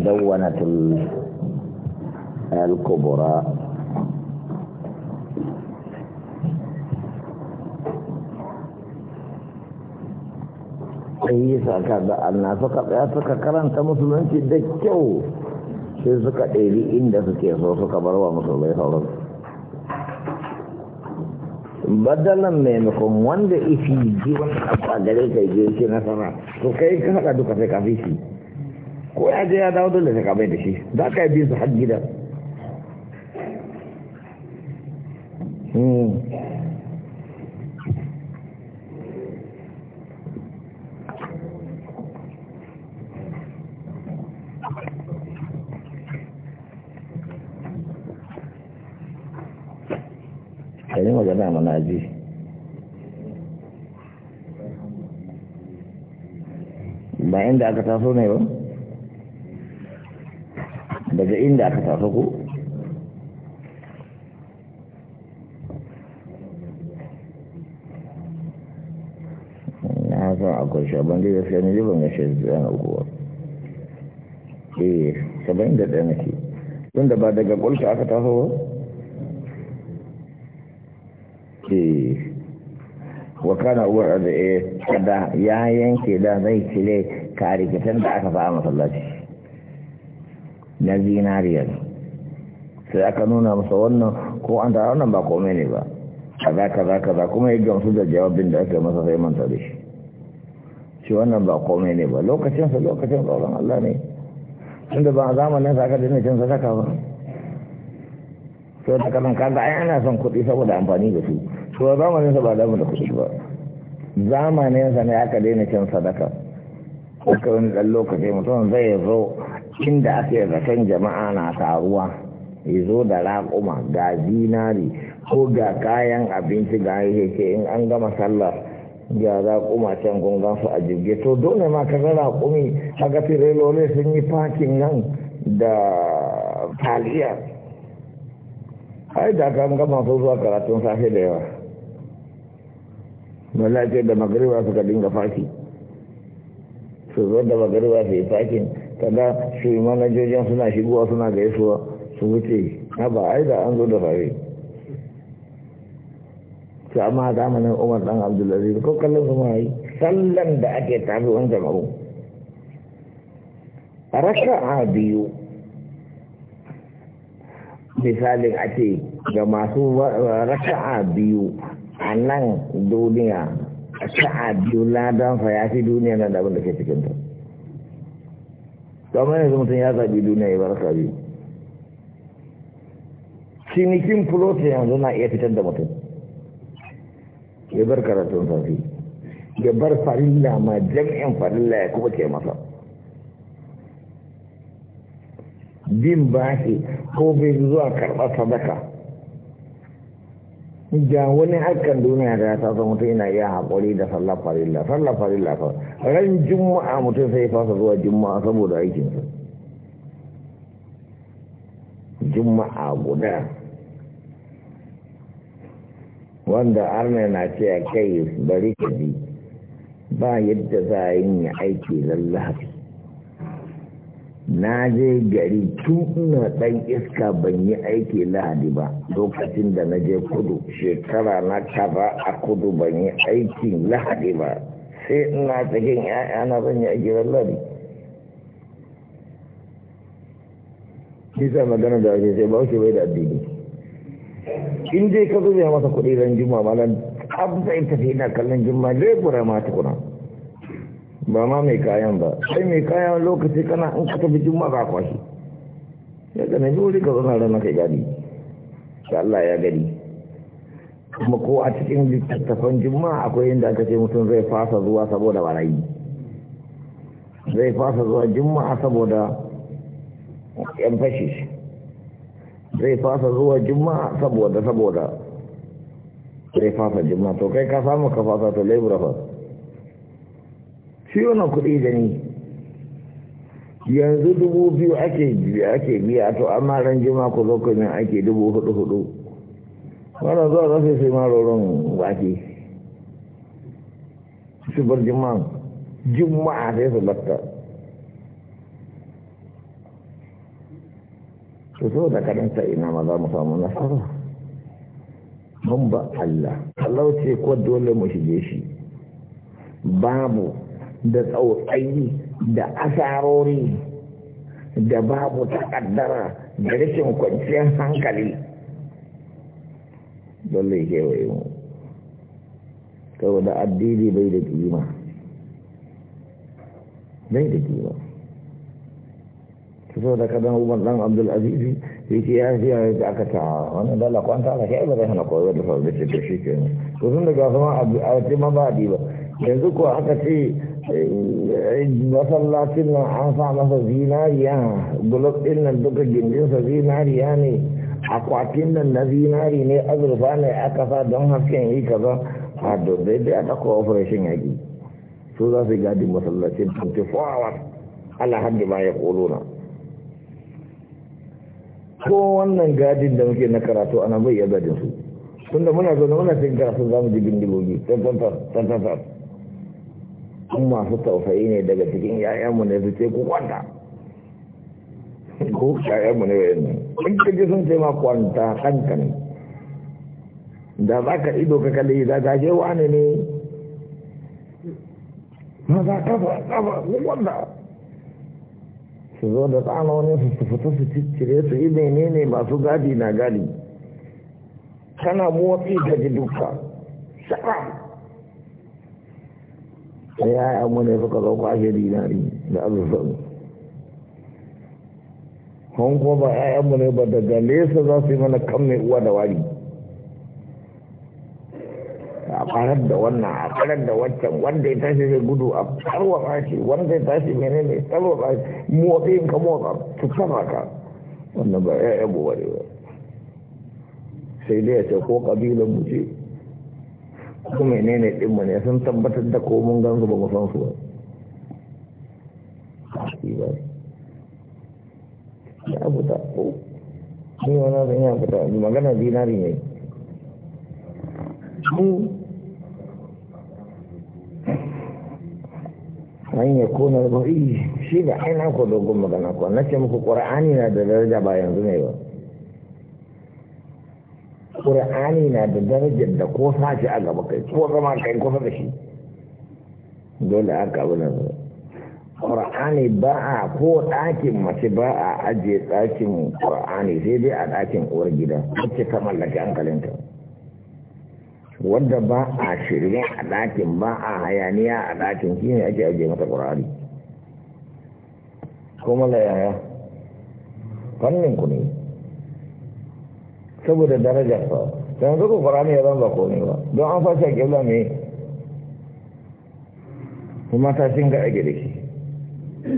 المدونة الكبرى sai saka da suka tsaya suka karanta musulunci da kyau sai suka ɗari inda suke so suka bar wa musulmai sauran badalan maimakon wanda ifi ji wani abu gare ka je shi nasara to kai ka haɗa duka sai ka fi shi ko ya je ya dawo dole ne ka da shi za ka biyu su har gida hmm. kayi magana mana ji ba inda aka taso ne ba daga inda aka taso ku na san akwai shaban da gaskiya ne ban gashe zuwa uku eh saba'in da ɗaya nake tun da ba daga ƙulshi aka taso ba eh, wa kana uwar arziki kada eh, ya yanke da zai cire karikitan da aka fa'a masallaci na zinariya sai aka nuna masa wannan ko an tara wannan ba komai ne ba kaza kaza kaza kuma ya gamsu da jawabin da aka masa sai manta da shi shi wannan ba komai ne ba lokacin sa lokacin tsoron Allah ne inda ba a zamanin sa aka dina cin saka ba sai da kalan kaga ai ana son kuɗi saboda amfani da su to a zamanin sa ba da da kuɗi ba zamanin sa ne aka daina cin sadaka ko wani dan lokaci mutum zai zo inda ake zaton jama'a na taruwa ya zo da raƙuma ga zinari ko ga kayan abinci ga yake in an gama sallah ga raƙuma can gungan su a jirgi to dole ma ka ga raƙumi haka firelole sun yi fakin nan da taliya ai da ka gama su zuwa karatun safe da yawa wallahi da magariba suka dinga faki su zo da magariba su yi fakin kaga shi manajojin suna shigowa suna gaisuwa su wuce na ba yi da an zo da fari su amma zamanin umar dan abdulaziz ko kallon su mai sallan da ake tafi wani jama'u a biyu misalin a ce ga masu a biyu a nan duniya sha'a biyu ladan fa ya fi duniya nan da abin da ke cikin ta. kamar yanzu mutum ya zaɓi duniya ya bar sabi cinikin fulota yanzu na iya fitar da mutum ya bar karatun sarfi ya bar farilla ma jam'in farilla ya kuma ke masa bin bashi ko bai zuwa karɓar sadaka ga wani hakan duniya da ya taso mutum ina iya haƙuri da sallar farilla sallar farilla fa ran juma'a mutum sai fasa zuwa juma'a saboda aikinsa juma'a guda wanda arna na ce a kai bari ka bi ba yadda za a yi aiki lallafi na je gari tun ina ɗan iska ban yi aiki lahadi ba lokacin da na je kudu shekara na kaza a kudu ban yi aikin lahadi ba sai ina cikin ‘ya'yana zan yi aiki lahadi bisa magana da wajen sai ba bai da addini in je ka zuwa masa kuɗi ran juma malam abu zai tafi ina kallon juma lebura ma tukuna ba ma mai kayan ba sai mai kayan lokaci kana in ka tafi juma ka kwashi ya gane wuri ka zauna ranar kai gari. Ka Allah ya gari. kuma ko a cikin littattafan juma'a akwai inda aka ce mutum zai fasa zuwa saboda barayi zai fasa zuwa juma'a saboda yan fashi zai fasa zuwa juma'a saboda saboda zai fasa juma'a to kai ka samu ka fasa to laibura fasa shi na kuɗi da ni yanzu dubu biyu ake ake biya to amma ran jima ku zo ake dubu hudu hudu wannan zuwa za su sai marorin wake su bar jima jima'a sai su latta. su so da karanta ina ma za mu samu nasara mun ba Allah Allah ce ko dole mu shige shi babu da tsautsayi da asarori da babu takaddara da rashin kwanciyar hankali dole kewaye mu saboda addini bai da kima bai da kima so da kadan umar dan abdul aziz ce ya ji ya aka ta wani dala kwanta ka kai ba zai hana koyar da farko da shi ke to da daga ma a ce ma ba di ba yanzu ko aka ce masallacin nan an sa masa zinariya gulab ɗin nan duka gindinsa zinariya ne akwatin nan na zinari ne azurfa ne aka sa don hasken yi kaza a dozai da ya ɗauko operation yaƙi su za su gadi masallacin 24 hours ala haddi ma ya ƙolona ko wannan gadin da muke na karatu ana bai iya gadin su tunda muna zaune muna cikin karatu za mu ji bindigogi tantantar kun masu tausayi ne daga cikin ‘ya'yanmu ne su ce ku kwanta ko ‘ya'yanmu ne wayan nan in ka ji sun ce ma kwanta kanka ne da za ka ido ka kalli za ka je wani ne ma za kafa kafa ku kwanta su zo da tsanonin su su fita su ciccire su yi menene masu gadi na gadi kana motsi ka ji duka sha'a sai ya yi ne suka zo ake dinari da azuzan hon kuma ba ‘ya'yanmu ne ba daga nesa za su yi mana kan mai uwa da wari a kwanar da wannan a kwanar da waccan wanda ya tashi zai gudu a karwa bashi wanda ya tashi mene ne tsarwa bashi motsi ka motsa su tsara ka wannan ba yi ba ne ba sai dai ya ce ko kabilan mu ce ko menene din mu ne sun tabbatar da ko mun gan ba mu san su ba ya abu da ko ni wani zan ya abu da magana dinari ne mu an ya kona ba shi ba aina ko dogon magana ko na ce muku ƙura'ani na da daraja ba yanzu ne ba ƙur'ani na da darajar da ko shi a gaba kai ko zama kai ko da shi dole aka abu nan ƙur'ani ba a ko ɗakin mace ba a ajiye ɗakin ƙur'ani sai dai a ɗakin uwar gida wacce ta mallaki hankalinta wanda ba a shirye a ɗakin ba a hayaniya a ɗakin shi ne ake ajiye mata ƙur'ani kuma la yaya fannin ku ne saboda darajar sa yanzu ko qur'ani ya zama komai ba don an fashe kibla me kuma ta shin ga ake da shi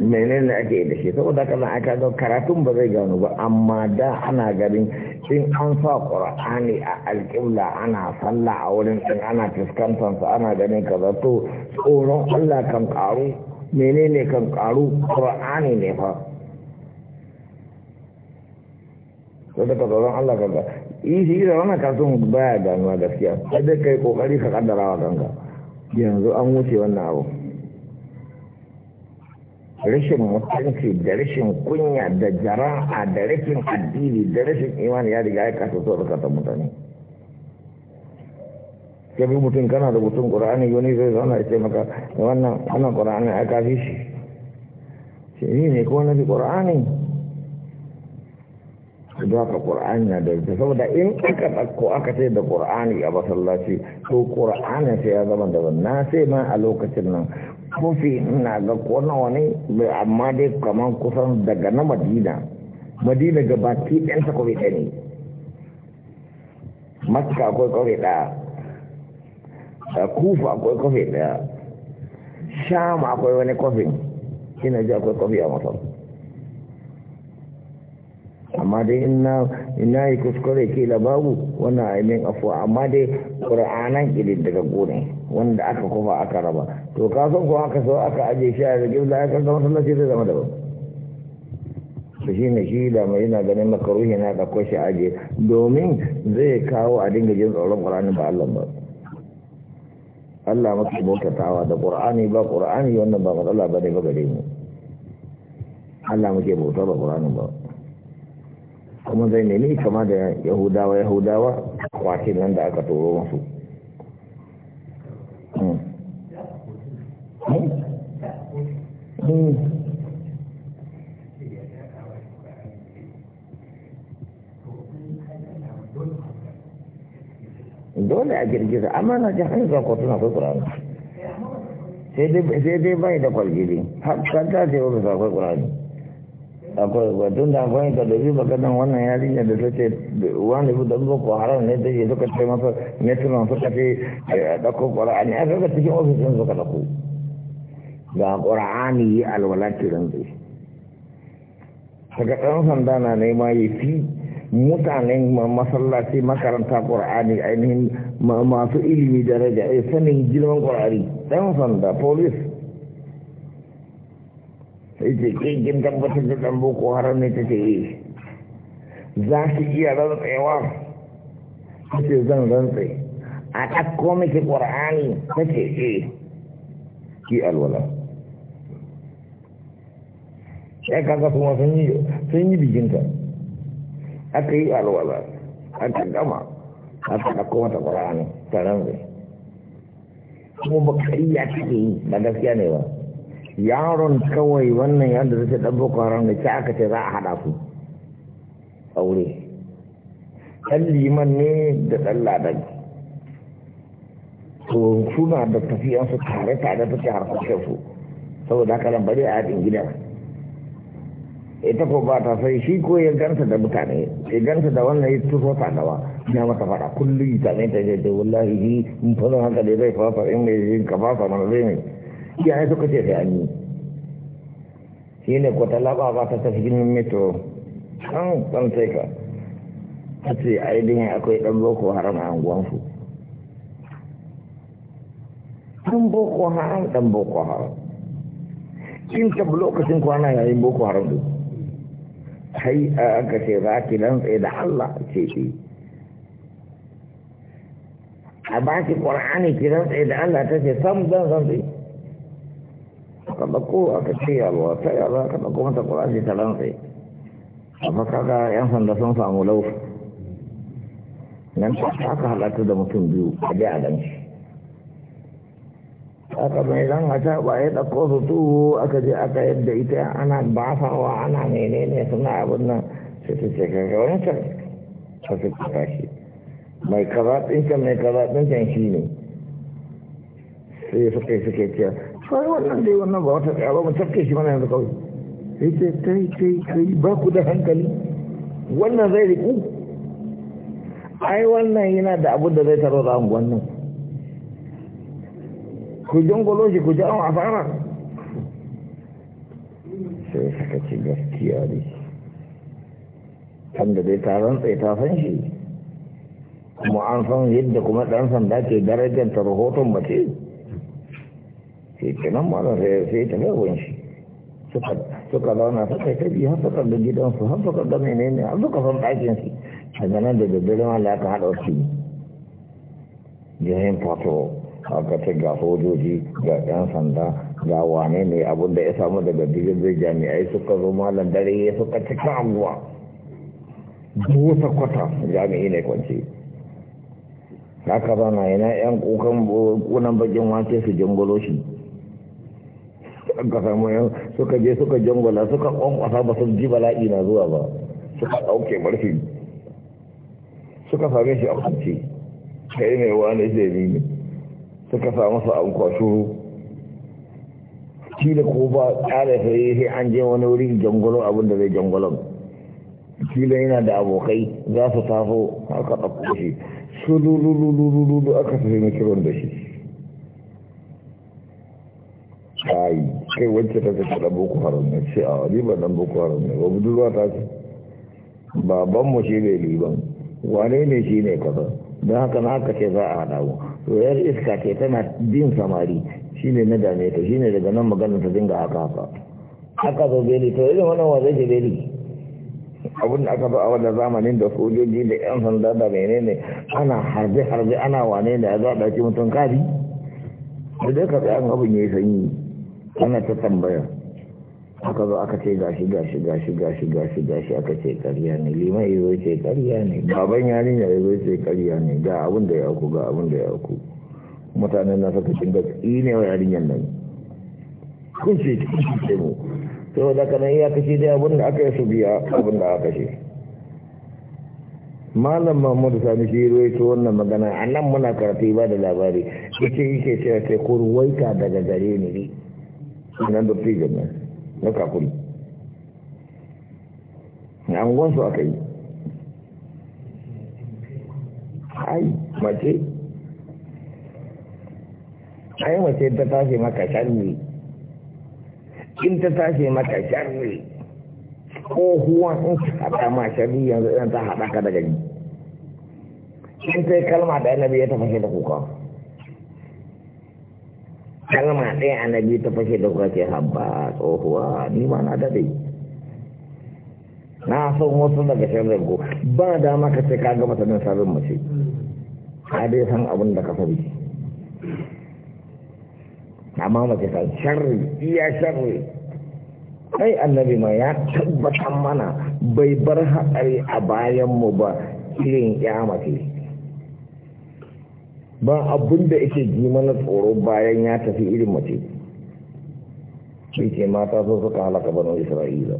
menene ake da shi saboda kana aka ga karatun ba zai gano ba amma da ana ganin in an sa qur'ani a alƙibla ana sallah a wurin din ana fuskantar sa ana ganin kaza to tsoron Allah kan karu menene kan karu qur'ani ne fa ko da tsoron Allah ka ga shi da wannan kasu baya ganuwa gaskiya sai dai kai kokari ka kaddara wa kanka yanzu an wuce wannan abu rashin mutunci da rashin kunya da jara'a da rashin addini da rashin imani ya riga ya kasu so da mutane sai mutum kana mutum ƙura'ani wani zai zauna ya ce maka wannan wannan ƙura'ani a kafi shi shi ne ko na bi ƙura'ani don haka ƙur'ani na da saboda in aka ɗauko aka sai da ƙur'ani a masallaci to ƙur'ani sai ya zama da na sai ma a lokacin nan kofi ina ga kona wani amma dai kamar kusan daga na madina madina ga baki ɗan ta kwafi ɗaya ne makka akwai kofi ɗaya kufa akwai kofi ɗaya sham akwai wani kofi ina ji akwai kofi a masallaci amma dai ina yi kuskure kila babu wannan aimin afuwa amma dai ƙura'anan daga ne wanda aka kuma aka raba to kasan kuma aka sau aka aje shi a rigib da aka zama sun zai zama daban su shi ne shi da mai yana ganin makaruhi na da kwashe aje domin zai kawo a dinga jin tsoron ƙura'ani ba Allah ba Allah maka bautatawa da ƙura'ani ba ƙura'ani wannan ba matsala ba ne ba gare mu Allah muke bautar da ƙur'anin ba kuma zai nemi kama da yahudawa yahudawa kwace nan da aka toro masu hmm. hmm. hmm. dole a girgiza amma na ji hanyar zakwato na kwakwurani sai dai bai da kwaljiri har kanta ce wani zakwai kurani akwai batun da amfani ka baka d'an wannan yarinya da take wani da boko haram ne da ke suka ce masa metron suka ce eh, a ɗauko ne? a kaga cikin ofishin suka ɗauko ga ƙwara'ani yi alwala kiran zai sanda na nema ya fi mutanen masallaci makaranta ƙwara'ani ainihin masu ilimi daraja eh, sanin girman ƙwara'ani ɗan sanda police sai ce ke kin tabbatar da ɗan boko haram ne ta ce yi za ki iya rantsewa ta ce zan rantse a ɗakko miki ƙwar'ani ta ce yi eh, ki alwala sai kaga kuma sun yi sun yi bikinta aka yi alwala aka gama aka ɗakko mata ƙwar'ani ta rantse kuma bakariya take yi ba gaskiya ne ba yaron kawai wannan yadda suke ɗabba kwaron da ke aka ce za a haɗa su aure ɗan liman ne da ɗan ladan to na da tafiyansu tare tare take harkokin su saboda haka nan bari a yaɗin gidan ita ko ba ta sai shi ko ya ganta da mutane ya ganta da wannan ya tuso ta gaba na masa fada kullum ya same ta je wallahi ni mun fara haka da zai fafa in mai yin ka fafa mana zai mai iyaye suka ce da yi shi ne ko talaba ba ta tafi jinin mito an ɗan sai ka ta ce a yi akwai ɗan boko haram a anguwansu ɗan boko haram ɗan boko haram kin taɓa lokacin kwana yayin boko haram ɗin kai a aka ce za ki tsaye da Allah ce shi a ba ki ƙwar'ani ki tsaye da Allah ta ce sam zan zan tsaye ka ɗauko aka ce yalwa ta yalwa ka ɗauko mata ƙurashi ta rantsai amma kaga yan sanda sun samu laufi nan ta aka halatta da mutum biyu a je a gan shi aka mai ran a ta ba ya ɗauko su tuhu aka je aka yadda ita ana bafawa ana menene suna abin nan sai su ce kaga wancan ta su kuta shi mai kaza ɗinka mai kaza ɗinka shi ne sai suke suke cewa sai wannan dai wannan ba wata tsaya ba mu tafke shi mana yanzu kawai sai ce kai kai kai ba ku da hankali wannan zai riku ai wannan yana da abu da zai taro da anguwan nan ku jangolo shi ku ji an asara sai saka ce gaskiya ne kan da dai taron tsaye ta san shi kuma an san yadda kuma ɗan sanda ke darajanta rahoton mace sai ce nan malam sai ta gawon shi suka zauna suka yi tabi har suka da gidansu har suka da menene har suka san ɗakin su a nan da daddare ma da ka haɗa wasu jihin fato a ce ga sojoji ga ɗan sanda ga wane ne abin da ya samu daga digirgir jami'ai suka zo malam dare ya suka cika abuwa, busa kwata jami'i ne kwanci haka zauna yana yan kukan kunan bakin wace su jingolo shi suka samu yan suka je suka jangwala suka kwankwasa ba su ji bala'i na zuwa ba suka ɗauke marfi suka same shi a kwanci kai mai wani zai ne suka samu su an kwasho shi da ko ba ƙara sai sai an je wani wuri jangwalo abin da zai jangwalon kila yana da abokai za su taso haka ɗauko shi su lululululu aka tafi mai kiran da shi kai kai wacce ta ce da boko haram ne sai a riba dan boko haram ne ba budurwa ta ce baban mu shi ne liban wane ne shi ne kaza don haka na haka ce za a hada mu to yar iska ce tana bin samari shi ne na dame ta shi ne daga nan maganar ta dinga haka haka haka zo beli to irin wannan wa zai ke beli abin da aka fi a wanda zamanin da sojoji da yan sanda da menene ana harbe harbe ana wane ne a zaɓa ce mutum kari da dai ka tsaye abin ya yi sanyi ana ta tambaya aka zo aka ce gashi gashi gashi gashi gashi gashi aka ce ƙarya ne liman ya zo ce karya ne baban yarinya ya zo ce ƙarya ne ga abin da ya ku ga abin da ya ku mutanen na saka cin gatsi ne wa yarinyar nan kun ce ce mu to da kana iya kashe dai abin da aka yi su biya abin da aka ce malam mahmud sani shi ruwai ruwaito wannan magana a nan muna karatu ba da labari ita yake cewa sai ko ruwaita daga gare ni sunan dattijan nan na kakuri na angonsu aka yi ai mace ai mace ta tashi maka sharri in ta tashi maka sharri ko huwa in ta haɗa ma sharri yanzu in ta haɗa ka daga ni in sai kalma da annabi ya tafashe da kuka kalma ɗaya annabi gitu fashe da kuka ce habba oh tsohuwa ni mana na daɗe na san wasu daga sharrin ko ba dama ka ce ka ga mata nan sharrin mace ka dai san abin da ka sani amma mace ta sharri iya sharri kai annabi ma ya tabbatar mana bai bar hatsari a bayan mu ba irin kyamace ba abin da yake ji mana tsoro bayan ya tafi irin mace shi ke mata sun suka halaka banu isra'ila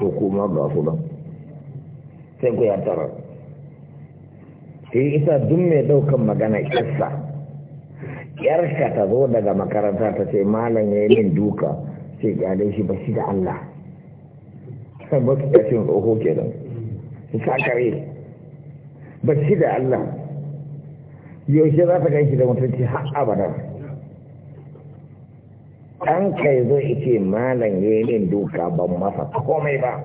Ko kuma ga su nan sai ku ya tara sai isa duk mai daukan magana kissa yarka ta zo daga makaranta ta ce malam ya yi min duka sai gane shi ba shi da Allah sai ba su ƙashin tsoho kenan su sa kare ba shi da Allah yaushe za ta gan shi da mutunci har abada an kai zo ice malam ya yi duka ban masa komai ba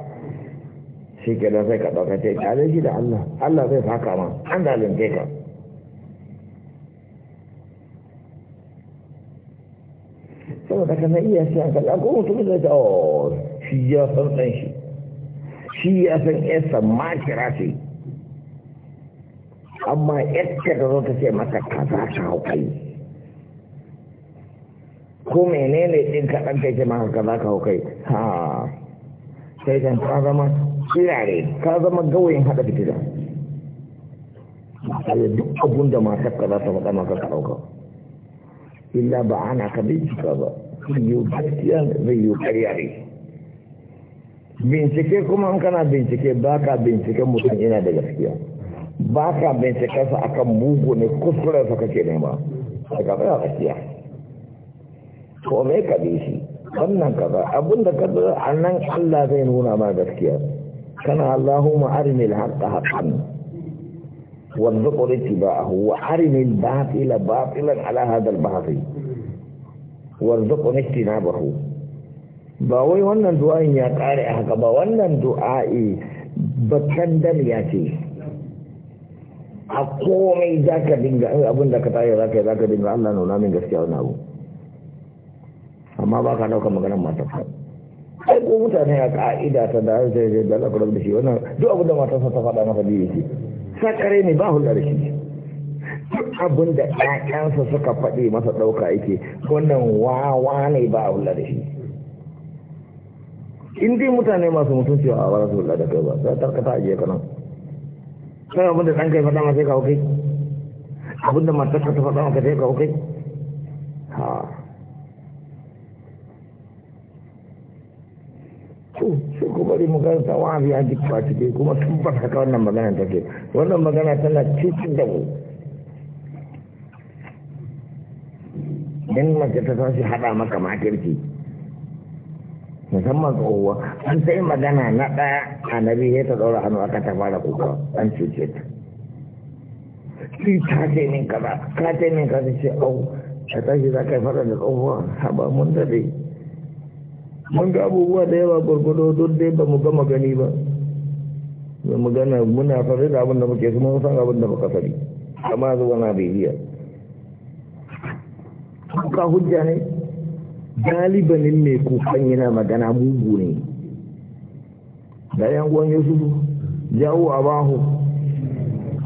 shi ke da sai ka ɗauka ce ƙyale shi da Allah Allah zai faka ma an zalunce ka saboda ka na iya shi an kalla ko mutum zai ta oh, shi ya san ɗan shi shi ya san yasa ma ce amma yadda da zo ta ce masa ka za ta hau kai ko menene din ka dan kai ce ka za ka hau kai ha sai dan ka zama kirare ka zama gawayin hada fitila Allah duk abun da matar ka za ta faɗa maka ka ɗauka illa ba ana ka bincika ba yiwu gaskiya zai yiwu karya ne bincike kuma an kana bincike ba ka bincike mutum ina da gaskiya ba ka binciken a kan mugu ne kuskuren sa kake nema a gaba ya tsakiya ko me ka bi shi wannan kaza abinda ka zo a nan Allah zai nuna ma gaskiya kana Allahumma arinil haqqa haqqan warzuqni ittiba'a wa arinil batila batilan ala hadha al-bahri warzuqni ijtinabahu ba wai wannan du'a'in ya kare haka ba wannan du'a'i ba dal ya ce a komai za ka dinga abin da ka tayi za ka yi za ka dinga Allah nuna min gaskiya wani abu amma ba ka ɗauka maganar matarsa sai ko mutane a ka'ida ta da zai zai da lakarar da shi wannan duk abin da sa ta faɗa masa biyu yake sakare ne ba hulɗa da shi duk abin da ƴaƴansa suka faɗi masa ɗauka yake wannan wawa ne ba hulɗa da shi in dai mutane masu mutunci a ba su hulɗa da kai ba sai tarkata a je ka nan kai abinda da ɗan kai faɗa masa ka hukai abin da matar ka faɗa masa sai ka hukai su ku bari mu gasa wa abu ya ba cike kuma tabbar haka wannan magana take wannan magana tana cikin da mu in mace ta san shi hada maka makirki musamman tsohuwa an sai magana na ɗaya annabi ya ta ɗaura hannu aka ta fara kuka an cuce ta ki ta ce min kaza ka ce min kaza ce au a tashi za ka yi fara da tsohuwa haba mun dai mun ga abubuwa da yawa gwargwado don dai ba mu gama gani ba mai magana muna fari da abin da muke su mun san abin da muka fari amma zuwa na bibiya ka hujja ne galibanin mai kukan yana magana mugu ne da yan uwan yusufu jawo bahu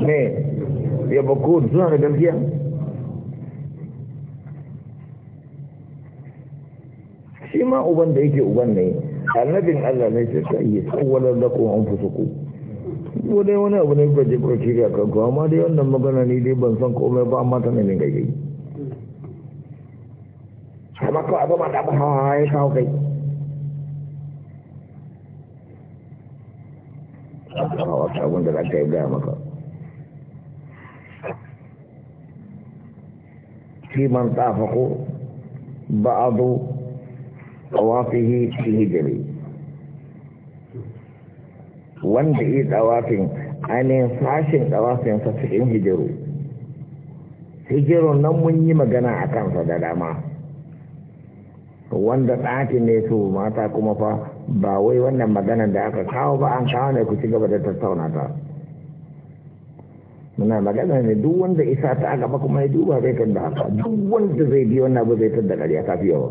ne ya bako suna da gaskiya shi ma uban da yake uban ne annabin Allah ne sai ka yi tsawwalar da kuma an fusa ku wadai wani abu ne kuka je kuka shirya kanku amma dai wannan magana ne dai ban san komai ba amma ta ne ne gaggai ko a zama da hawa ya kawo kai kama wata abin da za ka yi gaya maka shi man tafa ko ba'adu tawafihi fi hijiri wanda yi tawafin ainihin fashin tawafin sa cikin hijiru hijiru nan mun yi magana a kansa da dama wanda ɗaki ne su mata kuma fa ba wai wannan maganar da aka kawo ba an kawo ne ku ci gaba da tattauna ta muna magana ne duk wanda isa ta aka gaba kuma ya duba zai da haka duk wanda zai bi wannan abu zai tanda ƙarya kafi yawa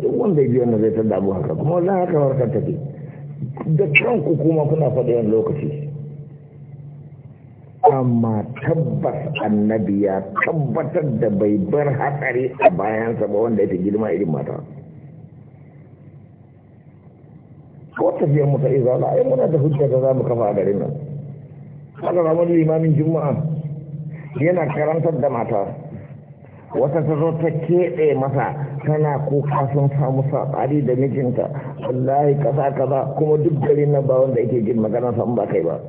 duk wanda ya bi wannan zai da abu haka kuma wannan haka harkar ke da kanku kuma kuna faɗi wani lokaci amma tabbas annabi ya tabbatar da bai bar hatsari a bayansa ba wanda yake girma irin mata ko tafiyar mu ta izala ai muna da hujja da zamu kafa a garin nan haka ramar limamin juma'a yana karantar da mata wata ta zo ta keɓe masa tana ko kasan samu saɓari da mijinta wallahi ƙasa kaza kuma duk garin na ba wanda yake jin magana san ba kai ba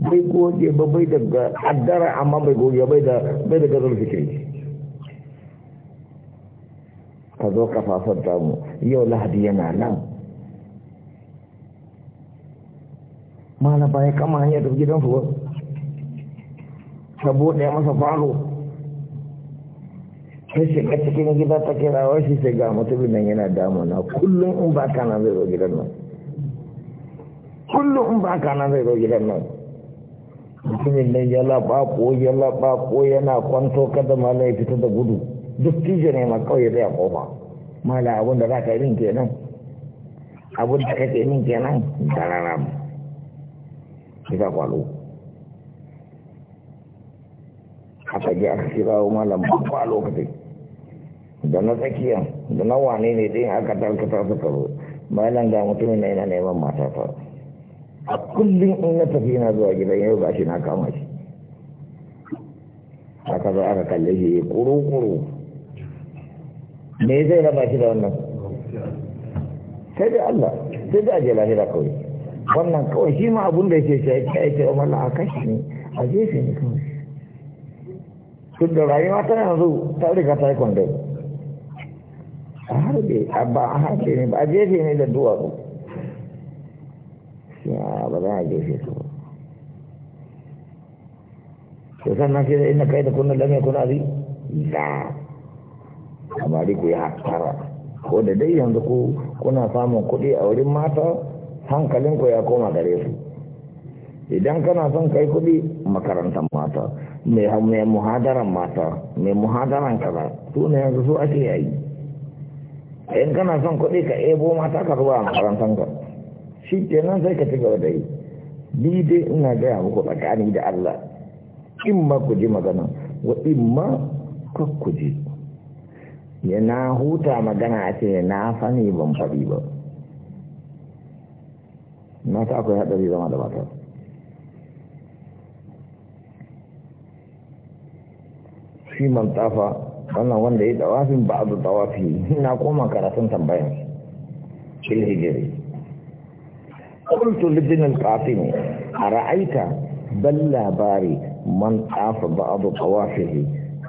bai goge ba bai daga addara amma bai goge bai da bai daga zulfikiri ka zo kafafan tamu yau lahadi yana nan mana baya kama hanyar da gidan fuwa saboda ya masa falo sai shiga cikin gida ta kira kirawa shi sai ga mutumin nan yana na kullum in ba kana zai zo gidan nan kullum in ba kana zai zo gidan nan mutumin nan ya laɓaɓo ya laɓaɓo yana kwanto kada mala ya fita da gudu duk tije ne ma kawai zai koma mala abin da za ka yi min kenan abin da kake min kenan da rana mu kisa kwalo haka ji aka kira wa malam babba lokacin da na tsakiya da na wane ne ɗin aka tarkata su karo malam ga mutumin na yana neman matata a kullum in na tafi yana zuwa gida yau ba shi na kama shi aka zo aka kalle shi kuru-kuru me zai raba shi da wannan sai da Allah sai da ajiye lahira kawai wannan kawai shi ma abun da ce shi ya yake wa mallah oh, a kashi ne a jefe ne kawai tun da rayuwa ta yanzu ta riga ta yi kwandai a harbe a ba a harbe ne ba a jefe ne da duwatsu ba a jefe su ba to sannan sai ina kai da kunnan lamai kuna zai da amma ku ya hattara ko da dai yanzu ku kuna samun kuɗi a wurin mata hankalin ku ya koma gare su idan kana son kai kuɗi makarantar mata mai muhadaran mata mai muhadaran kaza su ne yanzu su ake yayi in kana son kuɗi ka ebo mata ka zuwa makarantar ka shi kenan sai ka ci gaba da yi ni dai ina gaya muku tsakani da Allah in ma ku ji magana wa in ma ku ji ya na huta magana a ce na sani ban faɗi ba na ta akwai haɗari zama da mata shi man tafa wannan wanda ya dawafin ba a dawafi na koma karatun tambayan shi قلت لابن القاسم أرأيت بل باري من طاف بعض طوافه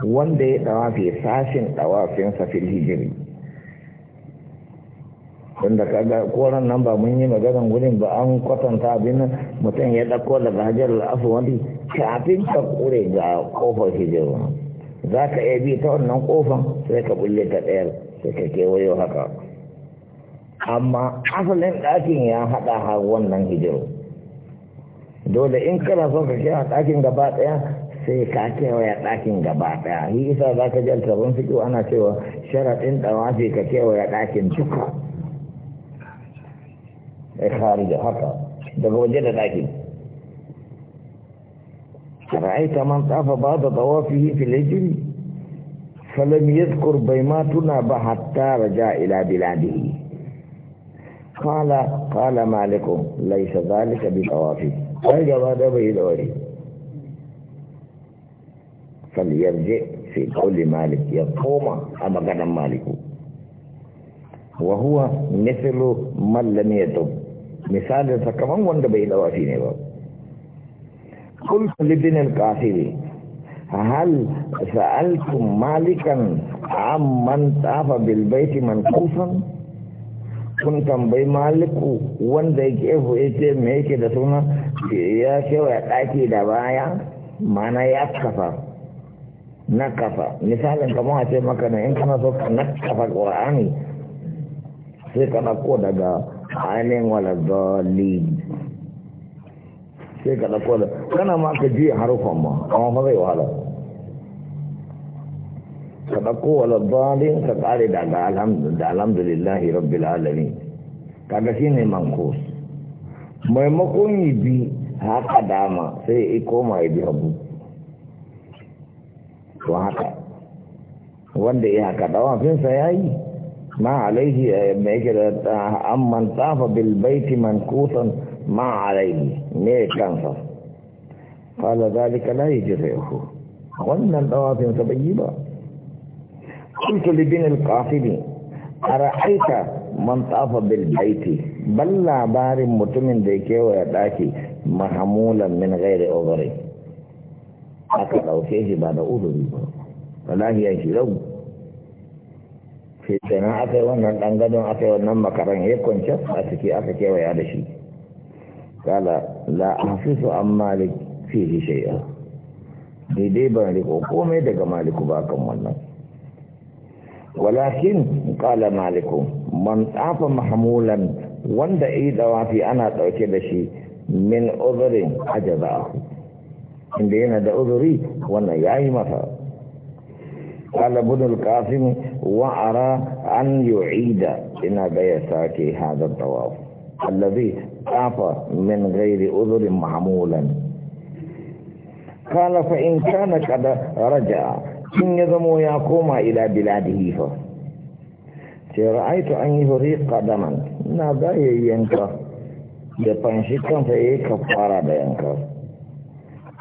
wanda ya ɗawafi sashin ɗawafinsa fil hijiri wanda kaga koran nan ba mun yi maganan gurin ba an kwatanta abin nan mutum ya ɗauko daga hajar al'afu wani kafin ka kure ga ƙofar hijiri za ka iya bi ta wannan ƙofan sai ka bulle ka ɗayar sai ka kewayo haka amma asalin ɗakin ya haɗa ha wannan hijiru dole in kana son ka kira ɗakin gaba ɗaya sai ka kewaya ɗakin gaba ɗaya yi isa za ka ji altabin fito ana cewa sharaɗin sai ka kewaya ɗakin duka ya kari da haka daga waje da ɗakin ra'aita man tsafa ba da tawafihi filajiri falam yadkur bai ma tuna ba hatta raja ila biladihi kala kala malikun laisa zalika bi tsawafi har gaba bai yi daware saliyar je sai kauli malik ya koma a maganan maliku wa huwa nufilo ya tub misalin sakaman wanda bai yi dawafi ne ba kulkan libin al-kasiri hal sa'altum malikan amman tsafa bilbaiti man kusan sun tambayi maliku wanda ya kefu ya ce me yake da suna ya kewa ɗaki da baya mana ya kafa na kafa misalin kamar a ce maka na in kana so ka na kafa ƙur'ani sai ka ɗauko daga ainihin wala zali sai ka ɗauko da kana ma ka juya harufan ma amma fa zai wahala ka ɗauko wala dalin ka tsare daga alhamdulillahi rabbil alamin kaga ne manko maimakon yi bi haka dama sai ya koma ya bi abu. to haka wanda ya haka fin ya yi ma alaihi eh, mai yake da amman bil baiti mankusan ma alaihi ne kansa kala zalika la yi jirehu wannan dawafinsa bai yi ba kuntu libin alkafirin a ra'aita mantafa bilbaiti ban labarin mutumin da ke waya daki mahamulan min gairi ogari aka dauke shi ba da uzu ba ba lahiyar shi rau fitina aka yi wannan dangadon aka yi wannan makaran ya kwanci a kewaya da shi kala la hafisu an malik fi shi shaiya daidai ban riko komai daga maliku ba kan wannan ولكن قال مالك من أعطى محمولا وندى إي دوافي أنا تأكدشي من أذر أجد ان بين أذري وانا ياي قال ابن القاسم وأرى أن يعيد إن بيساكي هذا الطواف الذي أعطى من غير أذر محمولا قال فإن كان كذا رجع in ya zamo ya koma ila biladihi fa sai ra'aitu an yi huri qadaman na ga yanka da fanshi kansa yayi kafara da yanka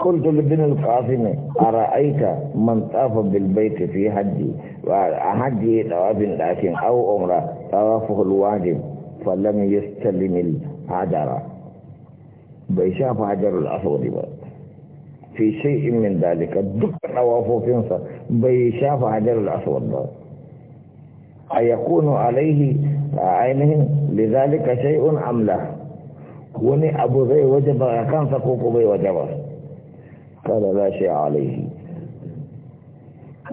قلت لابن القاسم أرأيت من طاف بالبيت في حجي وحجي طواف لكن أو عمره طوافه الواجب فلم يستلم الحجر بيشاف حجر الأسود بقى في شيء من ذلك دك نوافو فينسا بيشاف حجر الأسود أيكون عليه عينه لذلك شيء أم لا وني أبو ذي وجب كان سقوق بي وجب قال لا شيء عليه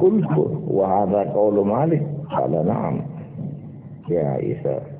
قلت وهذا قول مالك قال نعم يا عيسى